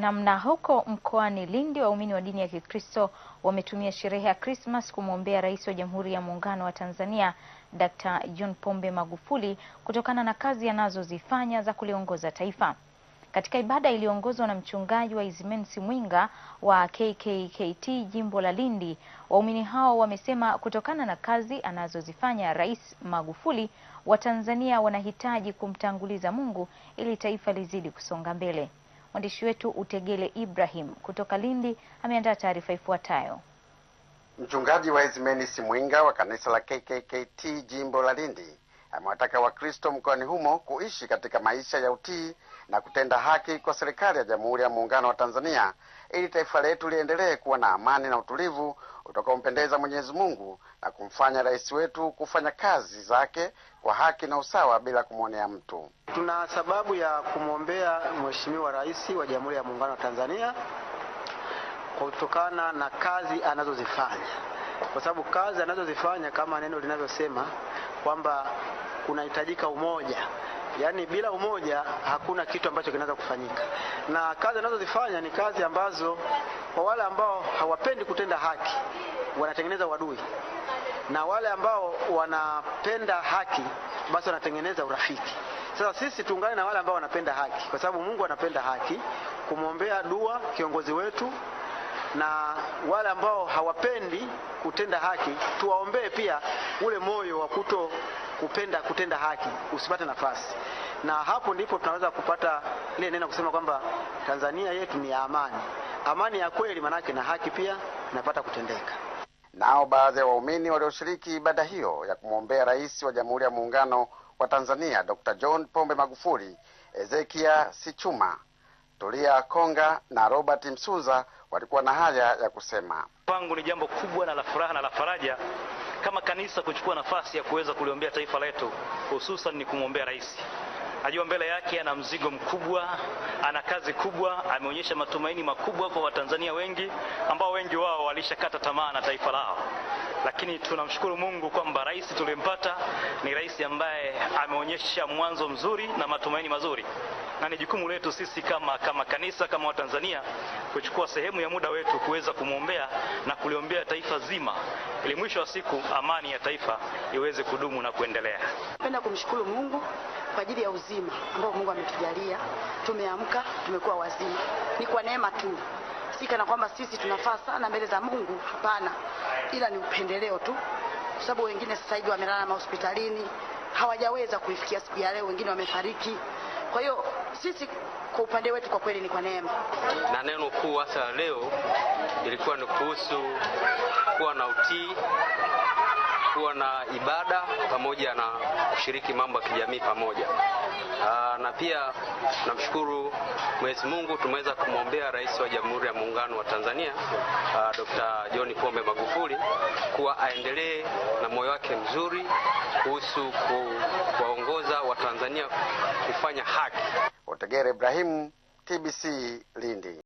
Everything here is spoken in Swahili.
namna huko mkoani Lindi, waumini wa dini ya Kikristo wametumia sherehe ya Krismas kumwombea Rais wa Jamhuri ya Muungano wa Tanzania dkt John Pombe Magufuli kutokana na kazi anazozifanya za kuliongoza taifa. Katika ibada iliyoongozwa na mchungaji wa Ismensi Mwinga wa KKKT jimbo la Lindi, waumini hao wamesema kutokana na kazi anazozifanya Rais Magufuli, Watanzania wanahitaji kumtanguliza Mungu ili taifa lizidi kusonga mbele. Mwandishi wetu Utegele Ibrahim kutoka Lindi ameandaa taarifa ifuatayo. Mchungaji wa Ismeni Simwinga wa kanisa la KKKT jimbo la Lindi amewataka Wakristo mkoani humo kuishi katika maisha ya utii na kutenda haki kwa serikali ya Jamhuri ya Muungano wa Tanzania ili taifa letu liendelee kuwa na amani na utulivu utakaompendeza Mwenyezi Mungu na kumfanya rais wetu kufanya kazi zake kwa haki na usawa bila kumwonea mtu. Tuna sababu ya kumwombea mweshimiwa Rais wa Jamhuri ya Muungano wa Tanzania kutokana na kazi anazozifanya, kwa sababu kazi anazozifanya kama neno linavyosema kwamba kunahitajika umoja Yaani bila umoja hakuna kitu ambacho kinaweza kufanyika, na kazi anazozifanya ni kazi ambazo kwa wale ambao hawapendi kutenda haki wanatengeneza wadui, na wale ambao wanapenda haki basi wanatengeneza urafiki. Sasa sisi tuungane na wale ambao wanapenda haki, kwa sababu Mungu anapenda haki, kumwombea dua kiongozi wetu, na wale ambao hawapendi kutenda haki tuwaombee pia ule moyo wa kuto kupenda kutenda haki usipate nafasi na hapo ndipo tunaweza kupata ile neno kusema kwamba Tanzania yetu ni ya amani, amani ya kweli, manake na haki pia inapata kutendeka. Nao baadhi ya waumini walioshiriki ibada hiyo ya kumwombea rais wa Jamhuri ya Muungano wa Tanzania Dr. John Pombe Magufuli, Ezekia Sichuma, Tulia Konga na Robert Msuza walikuwa na haya ya kusema. Kwangu ni jambo kubwa na la furaha na la faraja kama kanisa kuchukua nafasi ya kuweza kuliombea taifa letu, hususan ni kumwombea rais. Najua mbele yake ana mzigo mkubwa, ana kazi kubwa, ameonyesha matumaini makubwa kwa Watanzania wengi ambao wengi wao walishakata tamaa na taifa lao lakini tunamshukuru Mungu kwamba rais tuliyempata ni rais ambaye ameonyesha mwanzo mzuri na matumaini mazuri, na ni jukumu letu sisi kama, kama kanisa kama Watanzania kuchukua sehemu ya muda wetu kuweza kumwombea na kuliombea taifa zima, ili mwisho wa siku amani ya taifa iweze kudumu na kuendelea. Napenda kumshukuru Mungu kwa ajili ya uzima ambao Mungu ametujalia. Tumeamka, tumekuwa wazima, ni kwa neema tu tunahusika na kwamba sisi tunafaa sana mbele za Mungu, hapana, ila ni upendeleo tu, kwa sababu wengine sasa hivi wamelala mahospitalini hawajaweza kuifikia siku ya leo, wengine wamefariki. Kwa hiyo sisi kwa upande wetu kwa kweli ni kwa neema, na neno kuu hasa leo ilikuwa ni kuhusu kuwa na utii, kuwa na ibada pamoja na kushiriki mambo ya kijamii pamoja. Ah, na pia namshukuru Mwenyezi Mungu tumeweza kumwombea Rais wa Jamhuri ya Muungano wa Tanzania aa, ah, Dr. John Pombe Magufuli kuwa aendelee na moyo wake mzuri kuhusu kuwaongoza Watanzania kufanya haki. Otegere Ibrahimu, TBC Lindi.